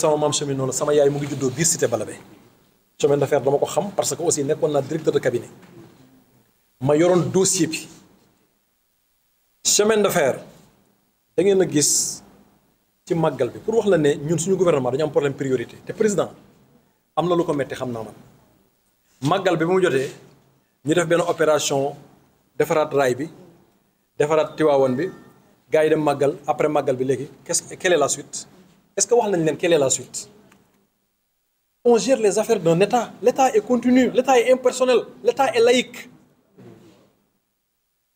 sama maam chemin noonu sama yaay mu ngi juddoo biir cité Balabé chemin d'affaires dama ko xam parce que aussi nekkoon naa directeur de cabinet ma yoroon dossier bi chemin d'affaires da ngeen a gis ci màggal bi pour wax la ne ñun suñu gouvernement dañu am problème priorité te président am na lu ko metti xam naa man màggal bi ba mu jotee ñu def benn opération defaraat raay bi defaraat tiwaawan bi gars yi dem màggal après màggal bi léegi qu'est-ce quelle est-ce que wax nañ leen quelle est la suite on gère les affaires d'un État l'État est continu l'État est impersonnel l'État est laïque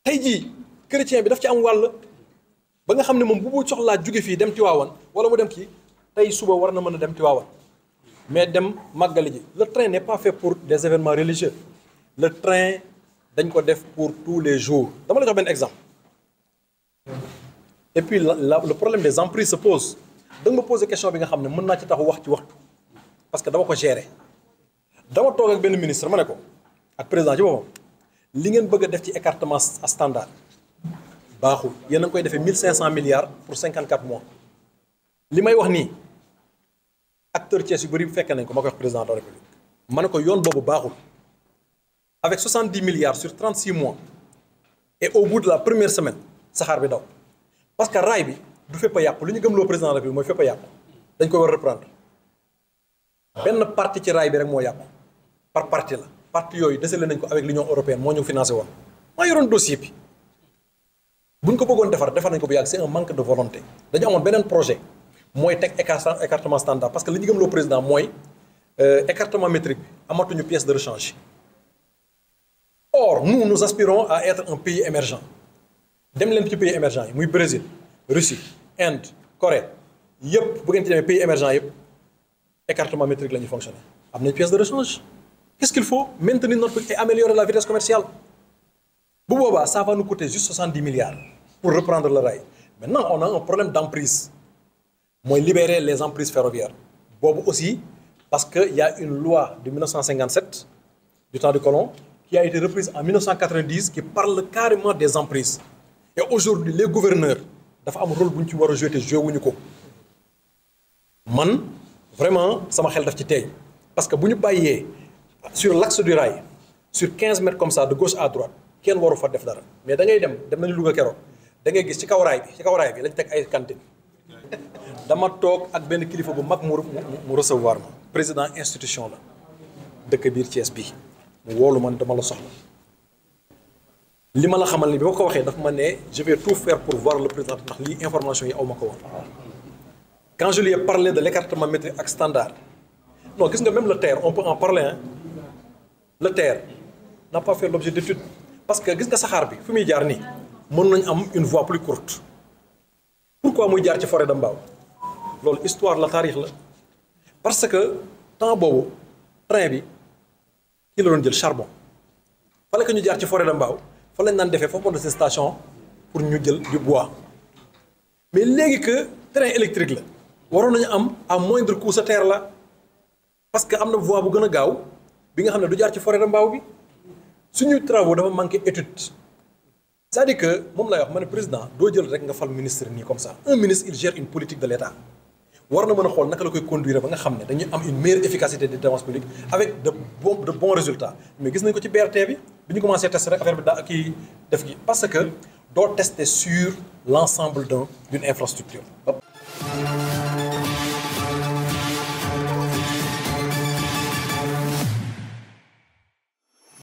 tey jii chrétien bi daf ci am wàll ba nga xam ne moom bu bu laa juge fii dem Tiwaawan wala mu dem kii tey suba war na mën a dem Tiwaawan mais dem màggale ji le train n'est pas fait pour des événements religieux le train dañ ko def pour tous les jours dama la jox benn exemple et puis la, la, le problème des emprises se pose da ma posé question bi nga xam ne mën naa ci tax wax ci waxtu parce que dama ko gérer dama toog ak benn ministre ma ne ko ak président ci boppam li ngeen bëgg a def ci écartement standard baaxul yéen a koy defee mille cinq cent milliards pour cinquante quatre mois li may wax nii acteur Thiès yu bëri fekke nañ ko ma koy wax président de la république ma ne ko yoon boobu baaxul avec soixante dix milliards sur trente six mois et au bout la première semaine saxaar bi daw parce que raay bi. du fépp yàpp yàqu li ñu gëmloo président de la République mooy fépp a yàqu dañ koy war reprendre benn parti ci raay bi rek moo yàqu par parti la parti yooyu desale nañ ko avec l'union européenne moo ñu financé woon maa yoroon dossier bi ñu ko bëggoon defar defar nañ ko bu yàgg c'est un manque de volonté dañu amoon beneen projet mooy teg écartement standard parce que li ñu gëmloo président mooy euh, écartement métrique bi amatuñu pièce de rechange or nu nous aspirons à être un pays émergent dem leen ci pays émergent yi muy Brésil Russie Inde Corée yëpp bu ngeen ci demee pays émergents yëpp écartement métrique la ñuy am nañ pièce de rechange qu'est-ce qu'il faut maintenir notre et améliorer la vitesse commerciale bu boobaa ça va nous coûter juste soixante milliards pour reprendre le rail maintenant on a un problème d'emprise mooy libérer les emprises ferroviaires boobu aussi parce que y a une loi de 1957 du temps du colon qui a été reprise en 1990 qui parle carrément des emprises les gouverneurs dafa am rôle bu ñu ci war a joué te joué ko man vraiment sama xel daf ci tey parce que bu ñu bàyyee sur l'axe du rail sur quinze mètres comme ça de gauche à droite kenn waru fa def dara mais da dem dem nañu Louga keroog da ngay gis ci kaw raay bi ci kaw raay bi lañ teg ay cantine dama toog ak benn kilifa bu mag mu mu recevoir ma président institution la dëkk biir Thiès bi mu woolu man dama la soxla. li ma la xamal ni bi ma ko waxee dafa ma ne je vais tout faire pour voir le président ndax lii information yi aw ma ko woon quand je lui ai parlé de l'écartement métrique ak standard non gis nga même le TER on peut en parler le TER n'a pas fait l'objet d'étude parce que gis nga saxaar bi fu muy jaar nii mën nañ am une voie plus courte pourquoi muy jaar ci forêt de Mbao loolu histoire la taarix la parce que temps boobu train bi kii la doon jël charbon fallait ñu jaar ci forêt de Mbao fa lañ naan defee foofu de station pour ñu jël du bois mais léegi que train électrique la waroon nañu am à moindre coût sa terre la parce que am na voie bu gën a gaaw bi nga xam ne du jaar ci forêt de mbaaw bi suñu travaux dafa manqué étude c'est-à-dire que moom lay wax ma ne président doo jël rek nga fal ministre nii comme ça un ministre il gère une politique de l'État war na mën a xool naka la koy conduire ba nga xam ne dañuy am une meilleure efficacité des dépenses publiques avec de bons de bons résultats mais gis nañ ko ci BRT bi bi ñu commencé tester rek affaire bi daa kii def gi parce que doo tester sur l'ensemble d'une infrastructure